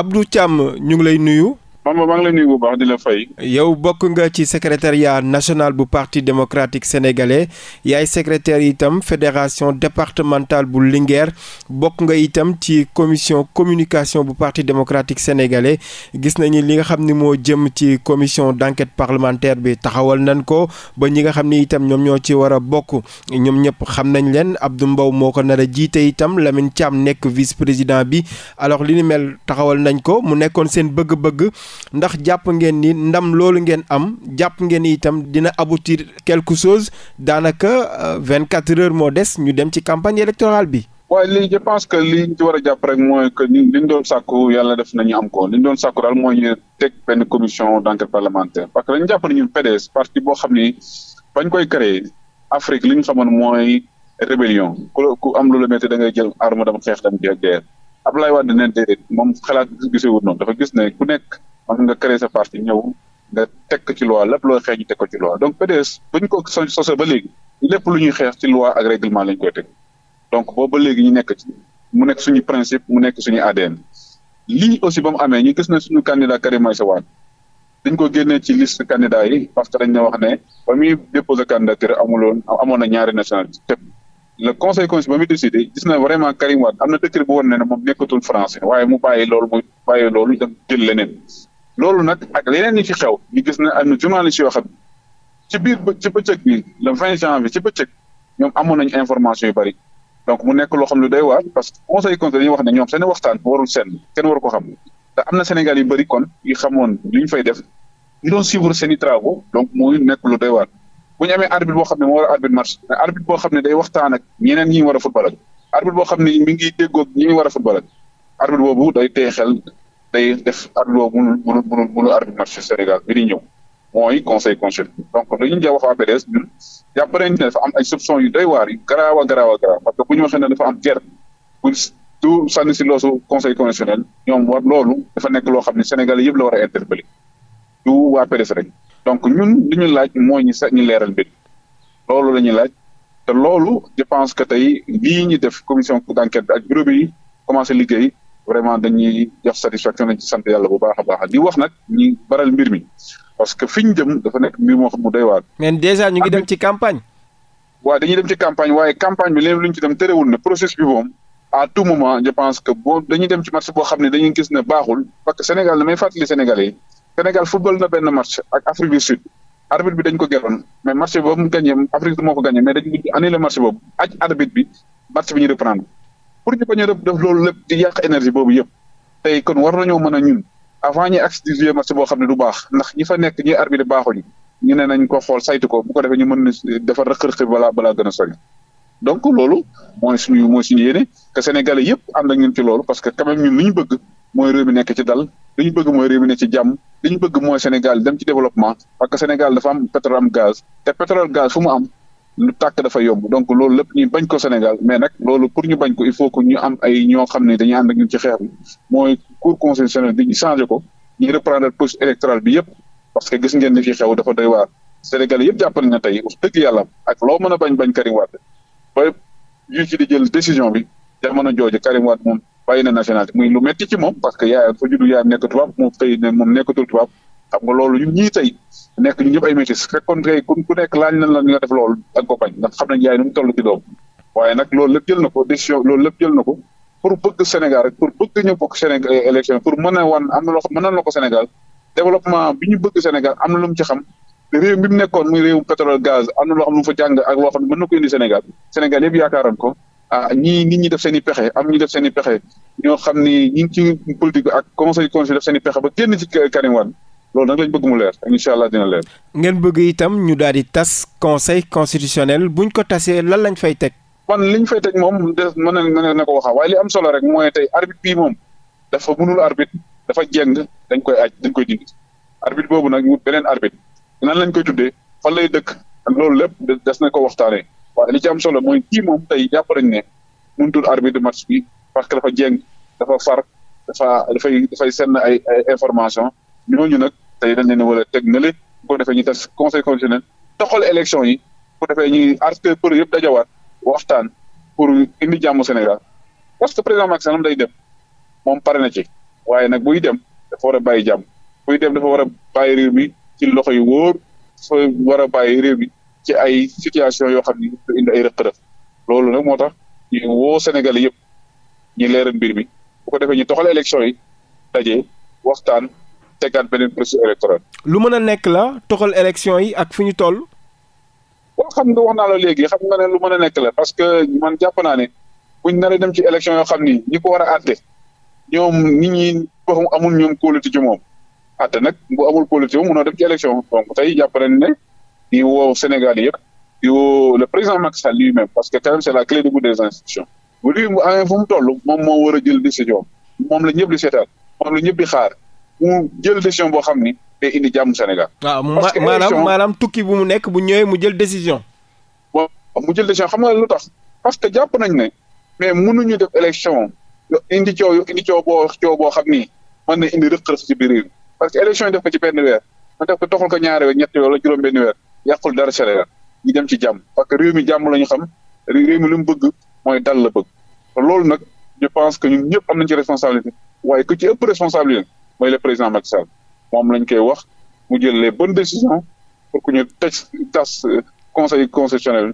ab du càmm ñu ngi lay nuyu Mame maa ngi yow bokk nga ci secrétariat national bu parti démocratique sénégalais yaay secrétaire itam fédération départementale bu Linguère bokk nga itam ci commission communication bu parti democratique sénégalais gis nañu li nga xam ni moo jëm ci commission d'enquête parlementaire bi taxawal nañ ko ba ñi nga xam ni itam ñoom ñoo ci war a bokk ñoom ñëpp xam nañ leen Abdou Mbow moo ko nar a jiite itam Lamine Thiam nekk vice président bi alors li ni mel taxawal nañ ko mu nekkoon seen bëgg-bëgg. ndax jàpp ngeen nii ndam loolu ngeen am jàpp ngeen ni itam dina aboutir quelque chose daanaka euh, vingt quatre heures moo des ñu dem ci campagne électorale bi. waaye lii je pense que li ñu war a jàpp rek mooy que li ñu doon sàkku yàlla def nañu am ko li ñu doon sàkku daal mooy ñu teg benn commission d' parlementaire parce que dañu jàpp ne ñun PDS parti boo xam ni bañ koy créé Afrique li ñu xamoon mooy rébellion ku am lu la métti da ngay jël arme dam xeex dam guerre Abdoulaye Wade ne déedéet moom xalaat gisee wut noonu dafa gis ne ku nekk. mën nga créer sa parti ñëw nga teg ci loi lépp loo xeex ñu teg ko ci loi donc PDS buñ ko sosee ba léegi lépp lu ñuy xeex ci loi ak règlement lañ koy teg donc boobu ba léegi ñu nekk ci mu nekk suñu principe mu nekk suñu ADN lii aussi ba mu amee ñu gis na suñu candidat Karim Meïssa Wade dañ ko génnee ci liste candidat yi parce que dañ ne wax ne ba muy déposer candidature amuloon amoon na ñaari nationalité le conseil constitutionnel ba muy décidé gis na vraiment Karim Wade am na décret bu woon ne ne moom nekkatul français waaye mu bàyyi loolu mu bàyyi loolu dem jël leneen loolu nag ak leneen ñi ci xew ñu gis ne am na journaliste yoo xam ci biir ci bëccëg bi le 20 janvier ci bëccëg ñoom amoon nañu information yu bari donc mu nekk loo xam lu day waar parce que conseil conseil dañuy wax ne ñoom seen waxtaan warul seen kenn waru ko xam te am na Sénégal yu bëri kon yu xamoon li ñu fay def ñu doon suivre seen i travaux donc muy nekk lu day waar bu ñu amee arbitre boo xam ne moo war a marché match arbitre boo xam ne day waxtaan ak ñeneen ñi ñu war xam ne mi ngi déggoog ñi ñu war a football ak arbitre boobu day téye xel tey def arlo mënul mënul mënul mënul arbitre match Sénégal bi di mooy conseil constitutionnel donc dañu ja wax waa PDS ñun jàpp nañ ne dafa am ay soupçon yu doy waar yu garaaw a garaaw parce que bu ñu waxee ne dafa am guerre pour du sànni si loosu conseil constitutionnel ñoom war loolu dafa nekk loo xam ne Sénégalais yëpp la war a interpellé du waa PDS rek donc ñun li ñu laaj mooy ñu sa ñu leeral mbir loolu la ñuy laaj te loolu je pense que tey lii ñu def commission d'enquête bi ak bureau bi commencé liggéey vraiment dañuy jox satisfaction nañ ci sant yàlla bu baax a baax di wax nag ñi baral mbir mi parce que fi ñu jëm dafa nekk mbir moo xam mu doy waar. mais déjà ñu ngi dem ci campagne. waa dañuy dem ci campagne waaye campagne bi leen lu ñu ci dem terewul ne processus bi moom à tout moment je pense que bo dañuy dem ci match boo xam ne dañuy gis ne baaxul parce que Sénégal damay fàttali Sénégalais Sénégal football na benn match ak Afrique du Sud. arbitre bi ko geroon mais match boobu moo ko gagné mais dañ mujj annulé match boobu aj arbitre bi ñu reprendre. pour ñu bañ a def loolu lépp di yàq énergie boobu yëpp tey kon war nañoo mën a ñun avant ñuy agsi di jouer match boo xam ne du baax ndax ñi fa nekk ñi arbitre baaxuñu ñu ne nañ ko xool saytu ko bu ko defee ñu mën dafa rëq-rëq balaa balaa gën a sori donc loolu mooy suñu mooy suñu yéene que sénégalais yëpp ànd ak ñun ci loolu parce que quand même ñun li ñu bëgg mooy réew mi nekk ci dal li bëgg mooy réew mi nekk ci jàmm li ñu bëgg mooy Sénégal dem ci développement parce que Sénégal dafa am pétrole am gaz te pétrole gaz mu am lu tàkk dafa yomb donc loolu lépp ñu bañ ko Sénégal mais nag loolu pour ñu bañ ko il faut que ñu am ay ñoo xam ne dañuy ànd ak ñun ci xeex bi mooy cour constitutionnelle bi ñu changé ko ñu reprendre poste électorale bi yëpp parce que gis ngeen ni fi xew dafa doy waar Sénégal yëpp jàpp na ne tey yàlla ak loo mën a bañ bañ Karim Wade ba juge di jël décision bi jamono jooju Karim Wade moom bàyyi na nationalité muy lu metti ci moom parce que yaayam fa juddu yaayam nekk tubaab moom xëy moom nekkatul tubaab xam nga loolu ñun ñii tey nekk ñun ñëpp ay métis fekkoon ku nekk laaj na la ñu nga def loolu ak ko bañ ndax xam nañ yaay nu mu toll ci waaye nag loolu lépp jël na ko décision loolu lépp jël na ko pour bëgg Sénégal rek pour bëgg ñu bokk Sénégal euh, élection pour mën a ko Sénégal développement bi ñu bëgg Sénégal am na lu mu ci xam réew mi mu nekkoon muy réewum pétrole gaz am na loo xam ne mu fa jàng ak loo xam ne na ko indi Sénégal Sénégal yëpp yaakaaran ko ah ñii nit ñi def seen i pexe am ñu def seen i pexe ñoo xam ni ñi ngi ci politique bi ak conseil conseil def seen pexe ba génn ci Karim Wade loolu nag lañ bëgg mu leer incha allah dina leer. ngeen bëgg itam ñu daal di tas conseil constitutionnel buñ ko tasee lan lañ fay teg. man liñ fay teg moom de mën na mën na ko waxaa waaye li am solo rek mooy tey arbitre bii moom dafa mënul arbitre dafa jeng dañ koy aj dañ koy dindi arbitre boobu nag wut beneen arbitre nan lañ koy tuddee fan lay dëkk loolu lépp des na ko waxtaanee waaye li ci am solo mooy kii moom tey jàpp nañ ne mënutul arbitre match bi parce que dafa jeng dafa far dafa dafay dafay senn ay ay information ñooñu nag tey dañ leen wala teg na le bu ko defee ñu tas conseil constitutionnel toxal élection yi bu ko defee ñuy arrêté pour yëpp dajawaat waxtaan pour indi jàmm Sénégal parce que président Macky Sall day dem moom pare na ci waaye nag buy dem dafa war a bàyyi jàmm buy dem dafa war a bàyyi réew mi ci loxo yu wóor dafa war a bàyyi réew mi ci ay situation yoo xam ni du indi ay rëq-rëq loolu nag moo tax ñu woo Sénégal yëpp ñu leeral mbir mi bu ko defee ñu toxal élection yi daje waxtaan. tegaat beneen processus électoral. lu mën a nekk la toxal élection yi ak fi ñu toll. waaw xam nga wax naa la léegi xam nga ne lu mën a nekk la parce que man jàpp naa ne buñ nar a dem ci élection yoo xam ni ñi ko war a àtte ñoom nit ñi waxum amul ñoom kóolute ci moom àtte nag bu amul kóolute moom mënoo dem ci élection donc tey jàpp nañ ne di woo Sénégal yëpp di woo le président Macky Sall lui-même parce que quand même c'est la clé de voûte des institutions bu fu mu toll moom moo war a jël décision moom la ñëpp di seetaan moom la mu jël décision boo xam ni day indi jàmm Sénégal. waaw maanaam maanaam tukki bu mu nekk bu ñëwee mu jël décision. bon mu jël décision xam nga lu tax parce que jàpp nañ ne mais mënuñu def élection indi coow indi coow boo coow boo xam ni mën na indi rëq-rëq ci biir parce que élection yi def ko ci benn weer nga def ko toxal ko ñaari weer ñetti weer wala juróom-benn weer yàqul dara Sénégal ñu dem ci jàmm parce que réew mi jàmm la ñu xam réew mi lu mu bëgg mooy dal la bëgg loolu nag je pense que ñun ñëpp am nañ ci responsabilité waaye ku ci ëpp responsabilité mooy le président Macky Sall moom lañ koy wax mu jël les bonnes décisions pour que ñu taj tas euh, conseil constitutionnel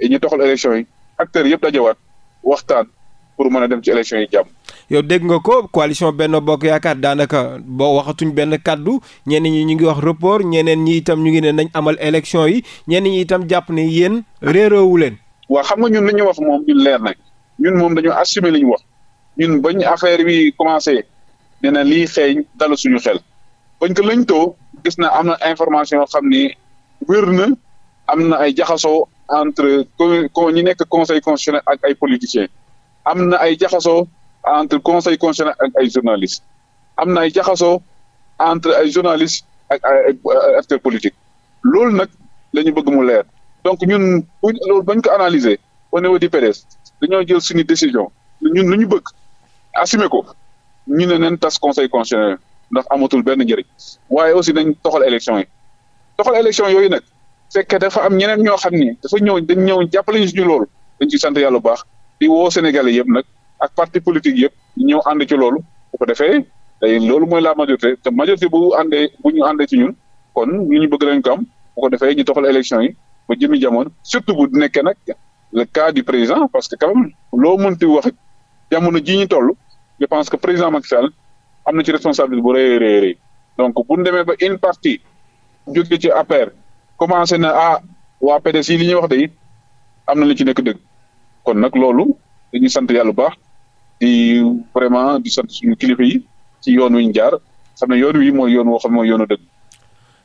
et ñu doxal élection yi acteurs yëpp dajawaat waxtaan pour mën a dem ci élection yi jàpp yow dégg nga ko coalition benn Bokk Yaakaar daanaka boo waxatuñ benn kàddu ñenn ñi ñu ngi wax report ñeneen ñi itam ñu ngi ne nañ amal élection yi ñenn ñi itam jàpp ni yéen réeroowu leen. waaw xam nga ñun li wax moom ñun leer nag ñun moom dañoo assumer li ñu wax ñun commencé. nee na lii xeeñ dalu suñu xel bañ ko lëñtoo gis na am na information yoo xam ni wér na am na ay jaxasoo entre ko ñi nekk conseil constitutionnel ak ay politiciens am na ay jaxasoo entre conseil constitutionnel ak ay journalistes am na ay jaxasoo entre ay journalistes ak ay acteurs politiques loolu nag lañu bëgg mu leer donc ñun bu loolu bañ ko analyser au niveau du dañoo jël suñu décision ñun lu ñu bëgg assumer ko ñu ne neen tas conseil constitutionnel ndax amatul benn njëriñ waaye aussi nañ toxal élection yi toxal élection yooyu nag fekk dafa am ñeneen ñoo xam ni dafa ñëw dañ ñëw jàppale ñu lool dañ ci sant yàlla bu baax di woo sénégale yëpp nag ak parti politique yëpp ñëw ànd ci loolu bu ko defee loolu mooy la majorité te majorité bu àndee bu ñu àndee ci ñun kon ñu ñu bëgg lañ ko am bu ko defee ñu toxal élection yi ba jëmi jamono surtout bu nekkee nag le cas du président parce que quand même loo mënti wax jamono ji ñu toll je pense que président Macky am na ci responsabilité bu rëy a rëy donc bu ñu demee ba une partie jóge ci appaire commencé na ah waa PDS yi li ñuy wax de am na lu ci nekk dëgg kon nag loolu dañuy sant yàlla bu baax di vraiment di sant suñu kilifa yi ci yoon wi ñu jaar xam ne yoon wii mooy yoon woo xam ne mooy yoonu dëgg.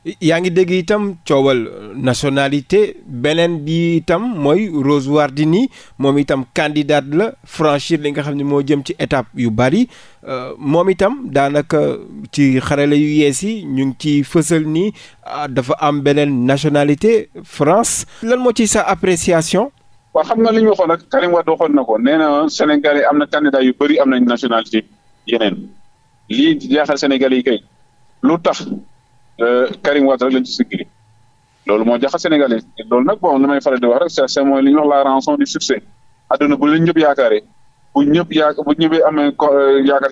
yaa ngi dégg itam coowal nationalité beneen bi itam mooy Rose Wardini moom itam candidate la franchir li nga xam ne moo jëm ci étape yu bari euh, moom itam daanaka ci xarala yu yees yi ñu ngi ci fësal ni ah, dafa am beneen nationalité France lan moo ci sa appréciation. waa xam nga li ñu waxoon rek Karim Wade waxoon na ko nee na am na candidat yu bëri am nañ nationalité yeneen lii jaaxal Sénégal yi kay lu tax. Euh, Karim Wade rek lañ ci siggiri loolu moo jaxa Sénégalais loolu nag bon li may faral di wax rek c'est mooy li ñuy wax la rançon du succès àdduna bu leen ñëpp yaakaaree bu ñëpp yaa bu ñëppee amee euh, yaakaar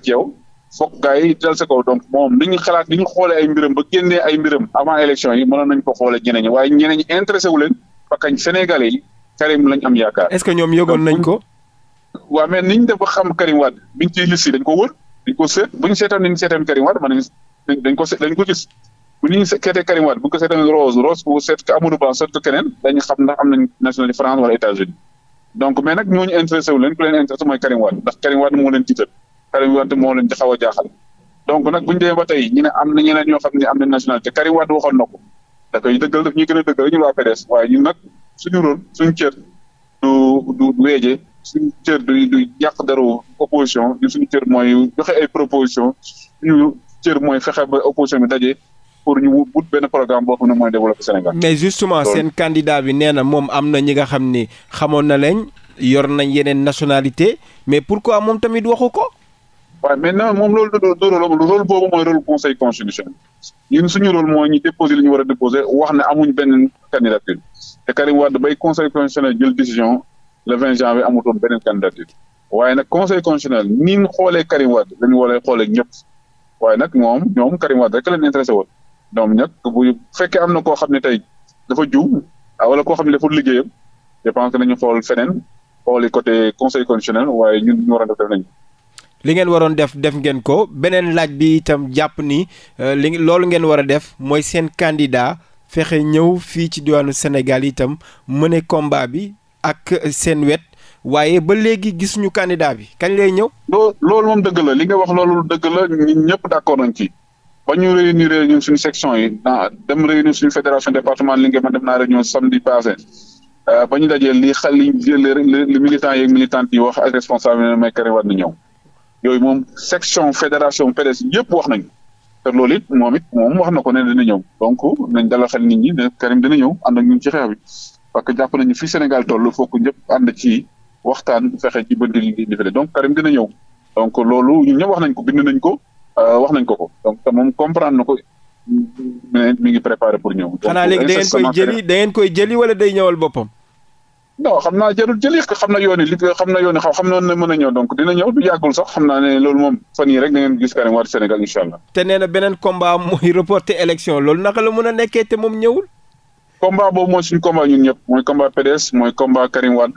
yi dal donc moom ni ñu xalaat ni ñu xoolee ay mbiram ba génnee ay mbiram avant élection yi mënoon nañ ko xoolee ñeneen ñi waaye ñeneen ñi intéressé wu leen ba kañ Sénégalais Karim lañ am yaakaar. est-ce que ñoom yëgoon nañ ko. waaw mais niñ def ba xam Karim Wade biñ ciy lis si dañ ko wër dañ ko seet buñ seetoon ni ñu ko dañ bu ñu seetee Karim Wade bu ñu ko seetee Rose Rose bu seet ko keneen dañu xam ndax am nañ nationalité France wala États-Unis donc mais ñooñu intéressé wu leen ku leen intéressé mooy Karim ndax Karim moo leen jiital Karim moo leen xaw a jaaxal donc nag bu ñu demee tey ñu am na ñeneen ñoo xam ne am nañ nationalité Karim Wade waxoon na ko da koy dëggal daf ñuy gën a dëggal ñun waa PDS waaye ñun nag suñu rôle suñu cër du du weeje suñu cër du du yàq opposition suñu cër mooy joxe ay proposition suñu cër mooy fexe ba opposition bi daje pour ñu wut benn programme boo xam ne mooy développer Sénégal. mais justement seen candidat bi neena moom am na ñi nga xam ni xamoon na leen yor nañ yeneen nationalité mais pourquoi moom tamit waxu ko. waaw maintenant moom loolu da doon rôle boobu mooy rôle conseil constitutionnel ñun suñu rôle mooy ñu déposer li ñu war a wax na amuñ benn candidature te Karim bay conseil constitutionnel jël décision le 20 janvier amutoon beneen candidature waaye nag conseil constitutionnel ni ñu xoolee Karim Wade la ñu war a xoolee ñëpp waaye nag moom ñoom Karim Wade rek la ñoom ñett bu fekkee am na koo xam ne tey dafa juum ah, wala koo xam ne dafa liggéeyam je pense que nañu xool feneen xooli côté conseil constitutionnel waaye ñun li ngeen waroon def def ngeen ko beneen laaj bi itam jàpp ni euh, li loolu ngeen war a def mooy seen candidat fexe ñëw fii ci diwaanu Sénégal itam mëne combat bi ak seen wet waaye ba léegi gisuñu candidat bi kañ lay ñëw. loolu moom dëgg la li nga wax loolu dëgg la ñun ñëpp d'accord nañ ci. ba ñu réunir ñun suñu section yi ah dem réunir suñu fédération département Linguère man dem naa réunion samedi passé euh, ba ñu dajee li xel li militant yeeg wax responsable yi Karim Wade na yooyu moom section fédération PDS yëpp wax nañu te loolu it moom it moom wax na ko ne dina ñëw donc nañ dalal xel nit ñi ne Karim dina ñëw ànd ak ñun ci xeex parce que jàpp nañu fi Sénégal tol foo ko ñëpp ànd ci waxtaan fexe ci bënd li donc Karim dina ñëw donc loolu ñun ñëpp wax nañ ko bind nañ ko. Euh, wax nañ ko ko donc moom comprendre na ko mi ngi préparé pour ñëw. xanaa léegi da ngeen koy jëli da ngeen koy jëli wala day ñëwal boppam. non xam naa jarul jëli xam na yoon yi li xam na yoon yi xam na ne mën a ñëw donc dina ñëw du yàggul sax xam naa ne loolu moom fan yii rek da ngeen gis Sénégal incha allah. te nee na beneen combat mooy reporter élection loolu naka la mën a nekkee te moom ñëwul. combat boobu mooy suñu combat ñun ñëpp mooy combat PDS mooy combat Karim Wade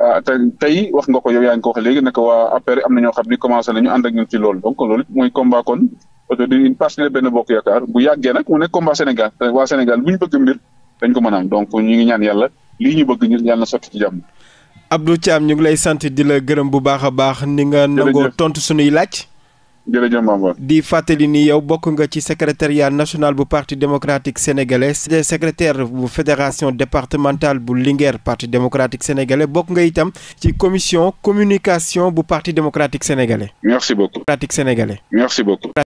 Ah, te tey wax nga ko yow yaa ngi ko wax léegi naka waa APR am na ñoo xam ni commencé nañu ànd a ñun ci loolu donc loolu mooy combat kon aujourd'hui une partie de benn bokk yaakaar bu yàggee nag mu nekk combat Sénégal waa Sénégal bu ñu bëgg mbir dañ ko mën a am donc ñu ngi ñaan yàlla lii ñu bëgg ñu yàlla na sotti ci jàmm. Abdou Thiam ñu ngi lay sant di la gërëm bu baax a baax. ni nga nangoo tontu suñuy laaj. di fàttali ni yow bokk nga ci secrétariat national bu parti démocratique sénégalais secrétaire bu fédération départementale bu Linguère parti démocratique sénégalais bokk nga itam ci commission communication bu parti démocratique sénégalais. merci beaucoup.